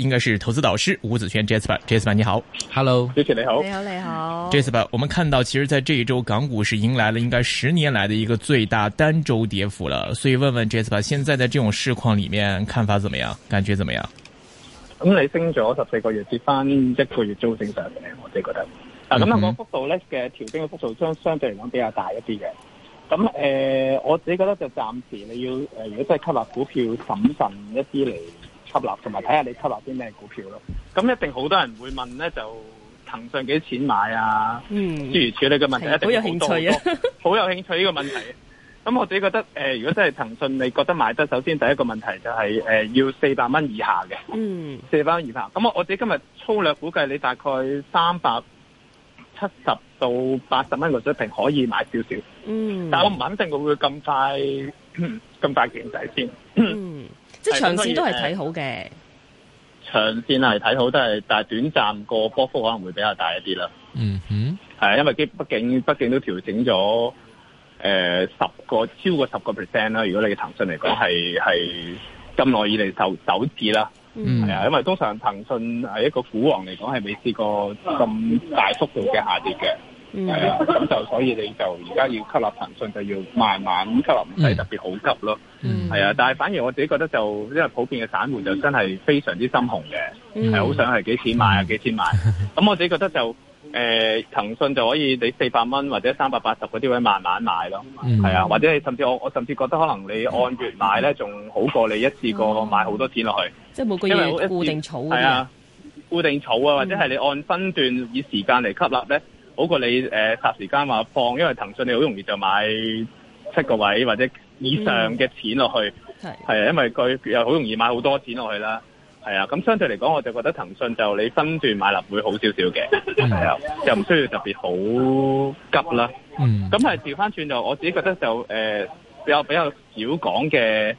應該是投資導師吳子軒 Jasper，Jasper Jasper，你好，Hello，主持你好，你好你好，Jasper，我們看到其實，在這一周港股是迎來了應該十年來的一個最大單周跌幅了，所以問問 Jasper，現在在這種市況裏面看法怎麼樣，感覺怎麼樣？咁你升咗十四個月，跌翻一個月都好正常嘅，我自己覺得。嗯、啊，咁啊，幅度咧嘅調整嘅幅度相相對嚟講比較大一啲嘅。咁誒、呃，我自己覺得就暫時你要誒、呃，如果真係吸納股票，審慎一啲嚟。吸納同埋睇下你吸納啲咩股票咯，咁一定好多人會問咧，就騰訊幾錢買啊？嗯，諸如此類嘅問題一定好有，有興趣啊，好 有興趣呢個問題。咁我自己覺得，誒、呃，如果真係騰訊，你覺得買得，首先第一個問題就係、是，誒、呃，要四百蚊，以下嘅，嗯，四百蚊以下。咁我我自己今日粗略估計，你大概三百七十到八十蚊嘅水平可以買少少，嗯，但係我唔肯定會會咁快，咁快見仔先，嗯。即係長線都係睇好嘅、嗯嗯，長線係睇好，但係但係短暫個波幅可能會比較大一啲啦。嗯哼，係、嗯、啊，因為基畢竟畢竟都調整咗誒、呃、十個超過十個 percent 啦。如果你嘅騰訊嚟講係係咁耐以嚟首首次啦。嗯，係啊，因為通常騰訊係一個股王嚟講係未試過咁大幅度嘅下跌嘅。係 啊，咁就所以你就而家要吸納騰訊，就要慢慢吸納，唔使特別好急咯。係、嗯、啊，但係反而我自己覺得就，因為普遍嘅散戶就真係非常之心紅嘅，係、嗯、好想係幾錢買啊，幾、嗯、錢買。咁、 嗯、我自己覺得就，誒、呃，騰訊就可以你四百蚊或者三百八十嗰啲位慢慢買咯。係、嗯、啊，或者甚至我我甚至覺得可能你按月買咧，仲好過你一次過買好多錢落去。即係每個月固定儲嘅。係啊，固定儲啊，或者係你按分段以時間嚟吸納咧。好過你誒霎、呃、時間話放，因為騰訊你好容易就買七個位或者以上嘅錢落去，係、嗯、啊，因為佢又好容易買好多錢落去啦，係啊。咁相對嚟講，我就覺得騰訊就你分段買入會好少少嘅，係、嗯、啊，又唔需要特別好急啦。咁係調翻轉就，我自己覺得就誒、呃、比較比較少講嘅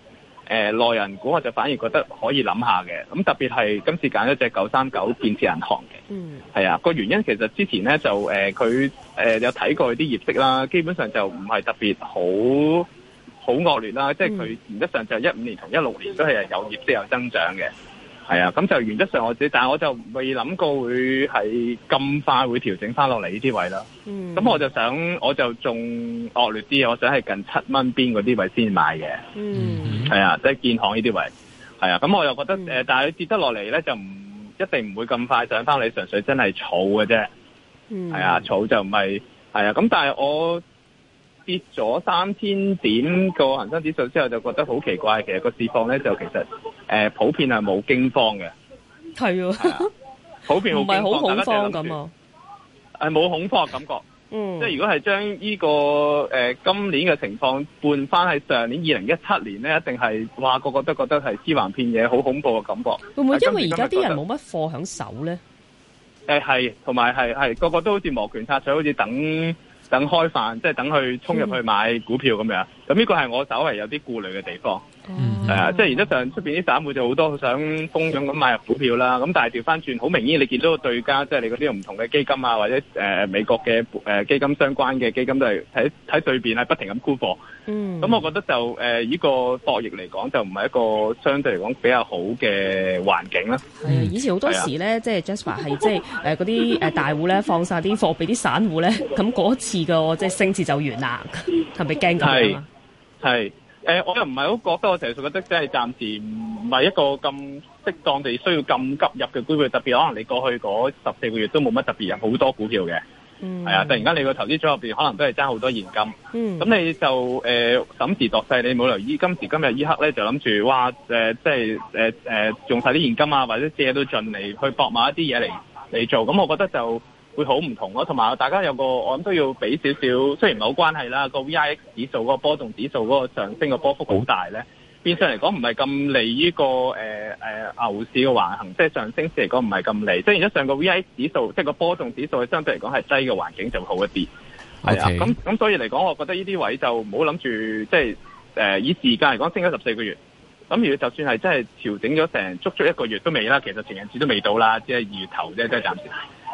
誒內人股，我就反而覺得可以諗下嘅。咁特別係今次揀咗隻九三九建設銀行嘅。嗯，係啊，個原因其實之前咧就誒，佢、呃、誒、呃、有睇過啲業績啦，基本上就唔係特別好好惡劣啦，即係佢原則上就係一五年同一六年都係有業績有增長嘅，係啊，咁就原則上我知，但係我就未諗過會係咁快會調整翻落嚟呢啲位啦，咁、嗯、我就想，我就仲惡劣啲，我想係近七蚊邊嗰啲位先買嘅。嗯，係啊，即係建行呢啲位，係啊，咁我又覺得誒、嗯呃，但係佢跌得落嚟咧就唔。一定唔會咁快上翻，你純粹真係儲嘅啫，嗯，係啊，儲就唔係係啊，咁但係我跌咗三千點個恒生指數之後，就覺得好奇怪，其實個市況咧就其實誒、呃、普遍係冇驚慌嘅，係啊，啊，普遍唔係好恐慌咁啊，誒冇恐慌感覺。 嗯，即係如果係將呢個誒、呃、今年嘅情況換翻喺上年二零一七年咧，一定係話個個都覺得係屍橫遍野，好恐怖嘅感覺。會唔會因為而家啲人冇乜貨喺手咧？誒、呃、係，同埋係係個個都好似磨拳擦掌，好似等等開飯，即係等佢衝入去買股票咁樣。咁呢個係我稍為有啲顧慮嘅地方。嗯。係啊，即係而家上出面啲散戶就好多想瘋搶咁買入股票啦。咁但係調翻轉，好明顯你見到個對家，即係你嗰啲唔同嘅基金啊，或者、呃、美國嘅、呃、基金相關嘅基金都係喺對面係不停咁沽貨。嗯。咁我覺得就誒、呃、呢個博弈嚟講，就唔係一個相對嚟講比較好嘅環境啦。啊、嗯，以前好多時咧、啊，即係 Jasper 係即係嗰啲大戶咧放晒啲貨俾啲散戶咧，咁嗰次個即係升市就完啦，係咪驚咁係。誒、呃，我又唔係好覺得，我成日覺得即係暫時唔係一個咁適當地需要咁急入嘅機會，特別可能你過去嗰十四個月都冇乜特別，好多股票嘅，係、嗯、啊，突然間你個投資組入邊可能都係爭好多現金，咁、嗯、你就誒審、呃、時度勢，你冇留意今時今日依刻咧就諗住哇誒、呃，即係誒誒用晒啲現金啊，或者借到盡嚟去博買一啲嘢嚟嚟做，咁我覺得就。會好唔同咯，同埋大家有個我諗都要俾少少，雖然冇關係啦。嗰個 V I X 指數嗰個波動指數嗰個上升個波幅好大咧，變相嚟講唔係咁利呢個誒誒牛市嘅橫行，即係上升市嚟講唔係咁利。即係而家上個 V I X 指數，即、那、係個波動指數，相對嚟講係低嘅環境就好一啲係、okay. 啊。咁咁所以嚟講，我覺得呢啲位就唔好諗住，即係誒、呃、以時間嚟講，升咗十四個月，咁如果就算係真係調整咗成足足一個月都未啦，其實情人節都未到啦，即係二月頭，即係即係暫時。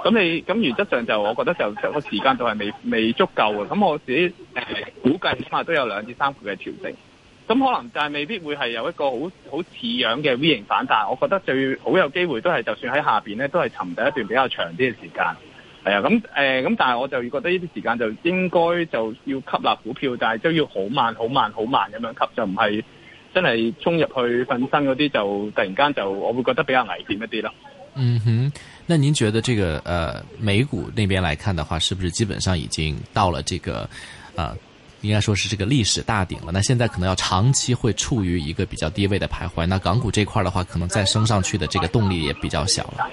咁你咁原則上就，我覺得就一個時間就係未未足夠嘅。咁我自己誒、呃、估計起碼都有兩至三倍嘅調整。咁可能就係未必會係有一個好好似樣嘅 V 型反彈。但我覺得最好有機會都係就算喺下面咧，都係沉底一段比較長啲嘅時間。係啊，咁誒咁，但係我就覺得呢啲時間就應該就要吸納股票，但係都要好慢、好慢、好慢咁樣吸，就唔係真係衝入去瞓身嗰啲，就突然間就我會覺得比較危險一啲啦。嗯哼。那您覺得這個，呃，美股那邊來看的話，是不是基本上已經到了這個，啊、呃，應該說是這個歷史大頂了？那現在可能要長期會處於一個比較低位的徘徊。那港股這塊的話，可能再升上去的這個動力也比較小啦。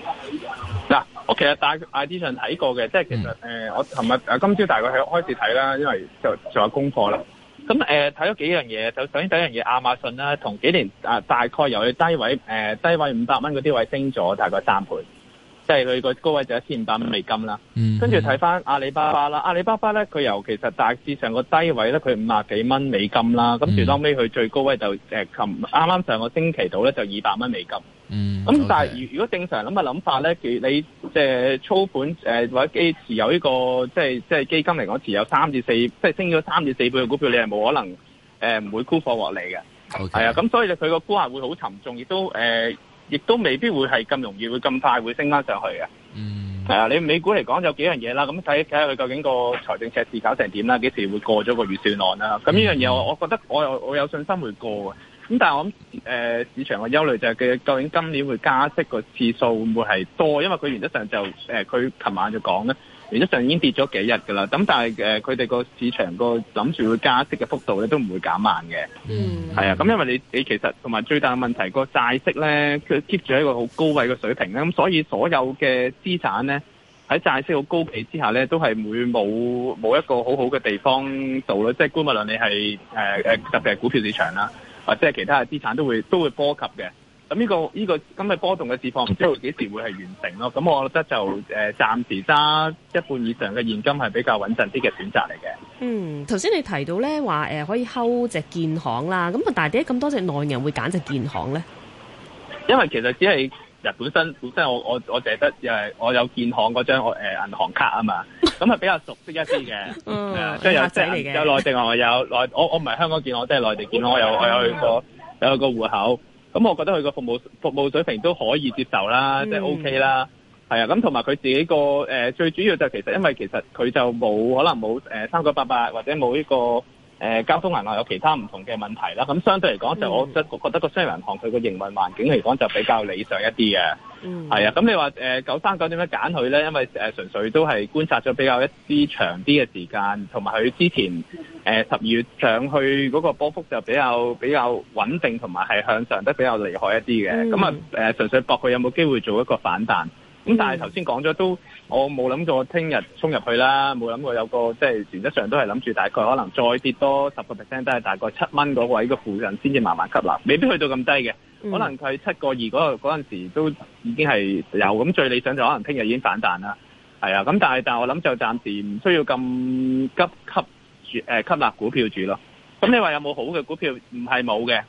嗱、OK，嗯呃，我其實大 idea 上睇過嘅，即係其實誒，我琴日啊，今朝大概係開始睇啦，因為就做下功課啦。咁誒，睇、呃、咗幾樣嘢，就首先第一樣嘢，亞馬遜啦，同幾年啊、呃，大概由佢低位誒、呃，低位五百蚊嗰啲位升咗大概三倍。即係佢個高位就一千五百蚊美金啦、嗯，跟住睇翻阿里巴巴啦、嗯，阿里巴巴咧佢由其實大致上個低位咧佢五十幾蚊美金啦，咁住當屘佢最高位就誒，琴啱啱上個星期度咧就二百蚊美金。嗯，咁但係如如果正常諗嘅諗法咧，其、嗯、你、嗯、即係操盤誒、呃、或者基持有呢個即係即係基金嚟講持有三至四，即係升咗三至四倍嘅股票，你係冇可能誒唔、呃、會沽貨落嚟嘅。係、嗯、啊，咁、okay. 嗯、所以就佢個沽壓會好沉重，亦都誒。呃亦都未必會係咁容易，會咁快會升翻上去嘅。嗯，係、呃、啊，你美股嚟講有幾樣嘢啦，咁睇睇下佢究竟個財政赤字搞成點啦，幾時會過咗個預算案啦。咁呢樣嘢我我覺得我有我有信心會過嘅。咁但係我諗誒、呃、市場嘅憂慮就係佢究竟今年會加息個次數會唔會係多？因為佢原則上就誒佢琴晚就講咧。原則上已經跌咗幾日噶啦，咁但係誒佢哋個市場個諗住會加息嘅幅度咧都唔會減慢嘅，嗯，係啊，咁因為你你其實同埋最大嘅問題個債息咧佢 keep 住喺一個好高位嘅水平咧，咁所以所有嘅資產咧喺債息好高企之下咧都係會冇冇一個好好嘅地方做啦，即係估物論你係誒誒特別係股票市場啦，或者係其他嘅資產都會都會波及嘅。咁、嗯、呢、這個呢、這個今日波動嘅釋放，唔知佢幾時會係完成咯？咁 我覺得就誒暫、呃、時揸一半以上嘅現金係比較穩陣啲嘅選擇嚟嘅。嗯，頭先你提到咧話誒可以溝隻建行啦，咁啊，但係點解咁多隻內銀會揀隻建行咧？因為其實只係人本身本身，本身我我我淨係得又我有建行嗰張我誒銀行卡啊嘛，咁 係比較熟悉一啲嘅。 嗯，即、呃、係、就是、有即係、就是、有內地銀行有內，我有內我唔係香港建行，即係內地建行，我有我有去過有, 有,個,有個戶口。咁、嗯、我覺得佢個服務服務水平都可以接受啦，即、嗯、係 OK 啦，係啊，咁同埋佢自己個、呃、最主要就係其實因為其實佢就冇可能冇誒、呃、三九八八或者冇呢個。誒交通銀行有其他唔同嘅問題啦，咁相對嚟講就我就覺得個商業銀行佢個營運環境嚟講就比較理想一啲嘅，係、嗯、啊，咁你話誒九三九點樣揀佢咧？因為誒、呃、純粹都係觀察咗比較一啲長啲嘅時間，同埋佢之前誒十二月上去嗰個波幅就比較比較穩定，同埋係向上得比較厲害一啲嘅，咁啊誒純粹博佢有冇機會做一個反彈。咁、嗯、但係頭先講咗都，我冇諗過聽日衝入去啦，冇諗過有個即係、就是、原則上都係諗住大概可能再跌多十個 percent 都係大概七蚊嗰位嘅附近先至慢慢吸納，未必去到咁低嘅、嗯，可能佢七個二嗰個嗰陣時都已經係有，咁最理想就可能聽日已經反彈啦，係啊，咁但係但係我諗就暫時唔需要咁急吸住、呃、吸納股票住咯，咁你話有冇好嘅股票？唔係冇嘅。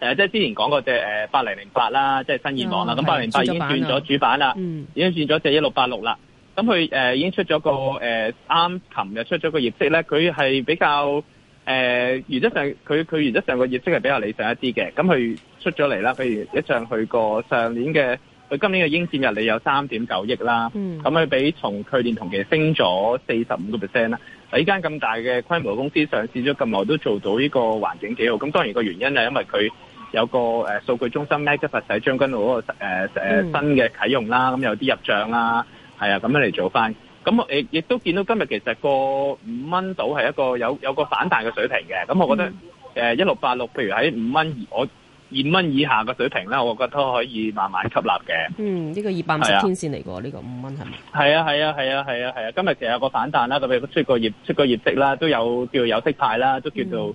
誒即係之前講過隻誒八零零八啦，即係新意網啦。咁八零零八已經轉咗主板啦，嗯、已經轉咗隻一六八六啦。咁佢誒已經出咗個誒啱琴日出咗個業績咧，佢係比較誒、呃、原則上，佢佢原則上個業績係比較理想一啲嘅。咁佢出咗嚟啦，譬如一仗去過上年嘅，佢今年嘅應佔溢利有三點九億啦。咁、嗯、佢比從去年同期升咗四十五個 percent 啦。喺呢間咁大嘅規模公司上市咗咁耐，都做到呢個環境幾好。咁當然個原因係因為佢。有個、呃、數據中心咧，即係喺將軍路嗰個誒誒新嘅啟用啦，咁、嗯、有啲入帳啦，係啊，咁樣嚟做翻。咁我亦亦都見到今日其實個五蚊度係一個有有個反彈嘅水平嘅。咁、嗯、我覺得誒一六八六，呃、1686，譬如喺五蚊我二蚊以下嘅水平啦，我覺得都可以慢慢吸納嘅。嗯，呢、這個二百五十天線嚟㗎，呢個五蚊係咪？啊，係、這個、啊，係啊，係啊，係啊，啊，啊！今日其實有個反彈啦，特別出個業出個業績啦，都有叫有息派啦，都叫做誒、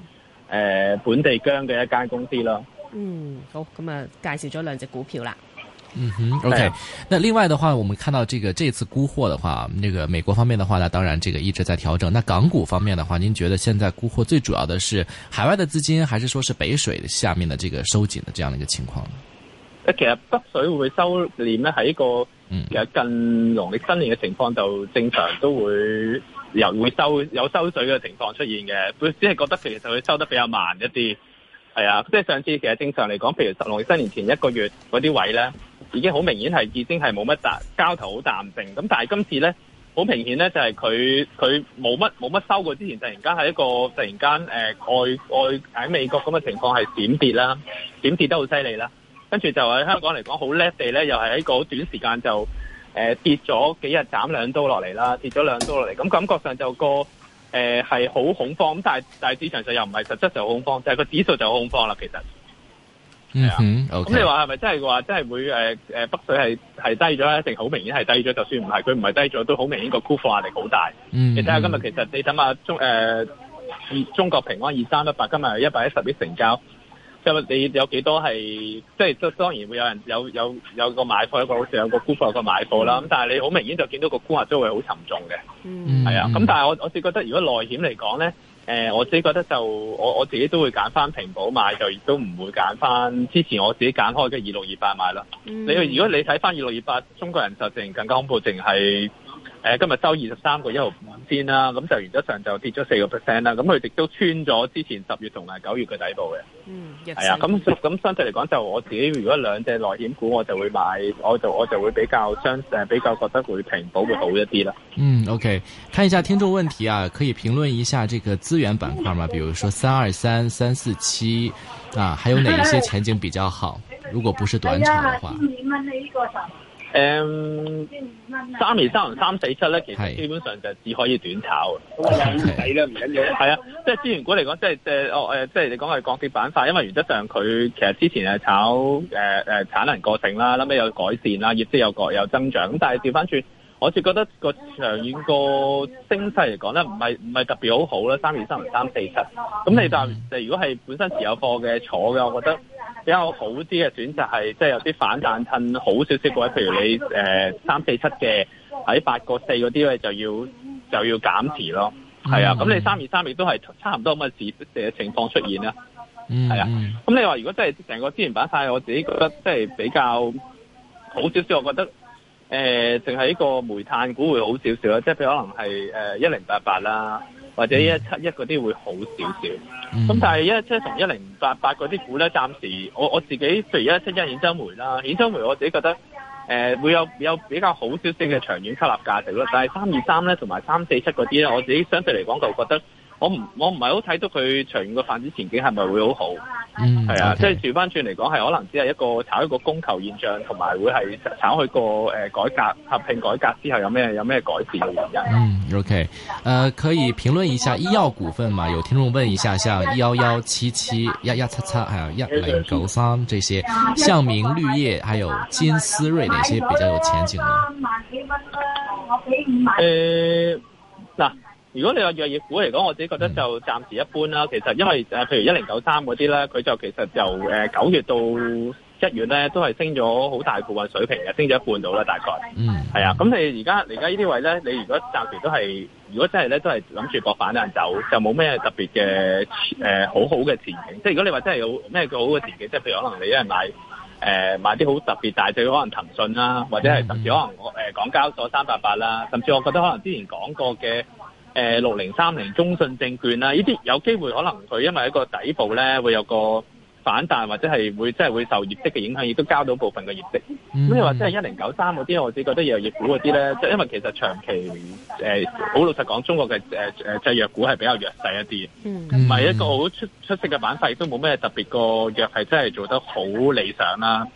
嗯呃、本地薑嘅一間公司咯。嗯，好，咁啊，介紹咗兩隻股票啦。嗯哼，OK。那另外的話，我們看到這個這次沽貨的話，那、這個美國方面的話，那當然這個一直在調整。那港股方面的話，您覺得現在沽貨最主要的是海外的資金，還是說是北水下面的這個收緊的這樣的一個情況？呢其實北水會收呢咧，一個嗯其實近農曆新年嘅情況就正常都會有會收有收水嘅情況出現嘅，只係覺得其實就會收得比較慢一啲。係啊，即係上次，其實正常嚟講，譬如十六、十七年前一個月嗰啲位咧，已經好明顯係已經，係冇乜大，交投好淡靜。咁但係今次咧，好明顯咧，就係佢佢冇乜冇乜收過之前，突然間喺一個突然間誒外外喺美國咁嘅情況係閃跌啦，閃跌得好犀利啦。跟住就喺香港嚟講，好叻地咧，又係喺個短時間就誒、呃、跌咗幾日，斬兩刀落嚟啦，跌咗兩刀落嚟，咁感覺上就個。誒、呃，係好恐慌咁，但係但係市場上又唔係實質就好恐慌，但係個指數就好恐慌啦。其實，嗯哼，咁、okay. 你話係咪真係話真係會誒誒、呃，北水係係低咗，一定好明顯係低咗。就算唔係，佢唔係低咗，都好明顯個沽貨壓力好大。嗯、你睇下、啊、今日，其實你睇下中誒、呃，中國平安二三一八，今日係一百一十億成交。就你有幾多係，即係都當然會有人有有有個買貨，一個好似有個沽貨，有個買貨啦。咁但係你好明顯就見到個沽客都會好沉重嘅，係、嗯、啊。咁、嗯、但係我我只覺得如果內險嚟講咧，誒，我我自己覺得就我我自己都會揀翻平保買，就亦都唔會揀翻之前我自己揀開嘅二六二八買啦。你如果你睇翻二六二八，中國人壽淨更加恐怖，淨係。誒，今日收二十三個一毫五先啦，咁就原則上就跌咗四個 percent 啦，咁佢亦都穿咗之前十月同埋九月嘅底部嘅。嗯，係啊，咁、嗯、咁相對嚟講，就我自己如果兩隻內險股我就會買，我就我就會比較相誒比較覺得會平保會好一啲啦。嗯，OK，看一下聽眾問題啊，可以評論一下這個資源板塊嘛，比如說三二三、三四七啊，還有哪一些前景比較好？如果不是短炒嘅話。嗯 okay, 誒三二三同三四七咧，其實基本上就只可以短炒咁啊啦，唔緊要，係啊，即係資源股嚟講，即係即係哦誒，即係你講係鋼鐵板塊，因為原則上佢其實之前係炒誒誒、呃、產能過剩啦，後尾有改善啦，業績有有增長，咁但係調返轉，我就覺得個長遠個升勢嚟講咧，唔係唔係特別好好啦，三二三同三四七，咁你就誒如果係本身持有貨嘅坐嘅，我覺得。比較好啲嘅選擇係，即、就、係、是、有啲反彈小小，襯好少少嘅話，譬如你誒三四七嘅喺八個四嗰啲咧，呃、3, 4, 就要就要減持咯。係、mm -hmm. 啊，咁你三二三亦都係差唔多咁嘅事嘅情況出現啦。係、mm -hmm. 啊，咁你話如果真係成個資源板塊，我自己覺得即係比較好少少，我覺得誒淨係呢個煤炭股會好少少啦。即係譬如可能係誒一零八八啦。或者一一七一嗰啲會好少少，咁、嗯、但係一一七同一零八八嗰啲股咧，暫時我我自己譬如一一七一兗州煤啦，兗州煤我自己覺得、呃、會有有比較好少少嘅長遠吸納價值啦，但係三二三咧同埋三四七嗰啲咧，我自己相對嚟講就覺得。我唔我唔係好睇到佢長遠嘅發展前景係咪會好好？係、嗯、啊，即係調翻轉嚟講，係可能只係一個炒一個供求現象，同埋會係炒佢個、呃、改革、合併改革之後有咩有咩改變嘅原因。嗯，OK，誒、呃、可以評論一下醫藥股份嘛？有聽眾問一下，像1177、1177，還有1093這些，向明綠葉，還有金斯瑞，哪些比較有前景？呢、呃、嗱。如果你話藥業股嚟講，我自己覺得就暫時一般啦。其實因為誒，譬如一零九三嗰啲咧，佢就其實就誒九月到一月咧，都係升咗好大部分水平嘅，升咗一半度啦，大概嗯係啊。咁你而家而家呢啲位咧，你如果暫時都係，如果真係咧都係諗住搏反人走，就冇咩特別嘅誒、呃、好好嘅前景。即係如果你話真係有咩好嘅前景，即係譬如可能你、呃、一啲買誒買啲好特別大隻，可能騰訊啦，或者係甚至可能誒港交所三八八啦，甚至我覺得可能之前講過嘅。誒、呃，六零三零中信證券啦，呢啲有機會可能佢因為一個底部咧會有個。反彈或者係會即係會受業績嘅影響，亦都交到部分嘅業績。咁又話即係一零九三嗰啲，我自己覺得藥業股嗰啲咧，即係因為其實長期誒好、呃、老實講，中國嘅誒誒製藥股係比較弱勢一啲，唔係一個好出出色嘅板塊，亦都冇咩特別個藥係真係做得好理想啦。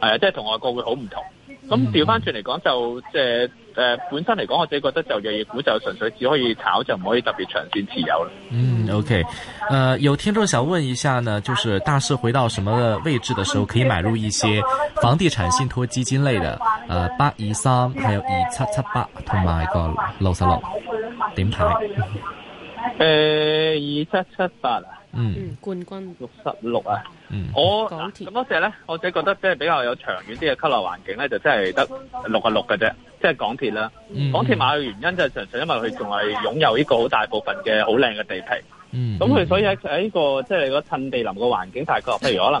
係啊，即係同外國會好唔同。咁調翻轉嚟講，就即係誒本身嚟講，我自己覺得就藥業股就純粹只可以炒，就唔可以特別長線持有啦。嗯。O、okay, K，呃，有聽眾想問一下呢，就是大市回到什麼位置嘅時候可以買入一些房地產信託基金類的，呃，八二三，還有二七七八同埋個六十六，點睇？誒，二七七八，嗯，冠軍六十六啊，嗯、我咁多隻呢，我自己覺得即係比較有長遠啲嘅吸納環境呢，就真係得六啊六嘅啫。即係港鐵啦，港鐵買嘅原因就係純粹因為佢仲係擁有呢個好大部分嘅好靚嘅地皮。咁、嗯、佢、嗯、所以喺喺呢個即係、就是、個趁低撈嘅環境，大概譬如可能誒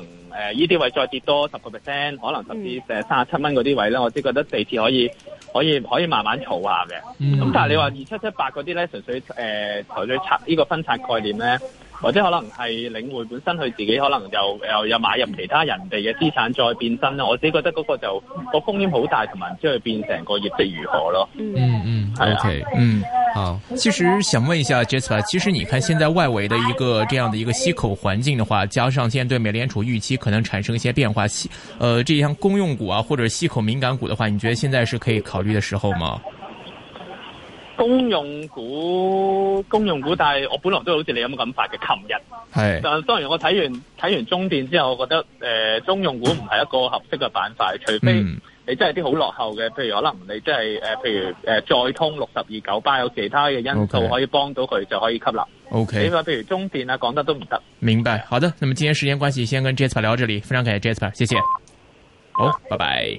呢啲位再跌多十個 percent，可能甚至誒三十七蚊嗰啲位咧，我先覺得地鐵可以可以可以慢慢儲下嘅。咁、嗯嗯、但係你話二七七八嗰啲咧，純粹誒投在拆呢個分拆概念咧。或者可能係領匯本身佢自己可能又又有買入其他人哋嘅資產再變身啦，我自己覺得嗰個就、嗰個風險好大，同埋之後變成個業績如何咯。嗯嗯、啊，OK，嗯好。其實想問一下 Jessica，其實你看現在外圍的一個這樣的一個息口環境的話，加上現在對美聯儲預期可能產生一些變化，息，呃，這樣公用股啊或者息口敏感股的話，你覺得現在是可以考慮的時候嗎？公用股、公用股，但係我本來都好似你咁嘅諗法嘅。琴日係，hey. 但係當然我睇完睇完中電之後，我覺得誒，中、呃、用股唔係一個合適嘅板塊，除非你真係啲好落後嘅，譬如可能你即係誒，譬如誒，載、呃、通六十二九八，有其他嘅因素可以幫到佢，okay. 就可以吸納。O K。你話譬如中電啊，講得都唔得。明白，好的。那麼今天時間關係，先跟 Jasper 聊到這裡，非常感謝 Jasper，謝謝。好， 拜拜。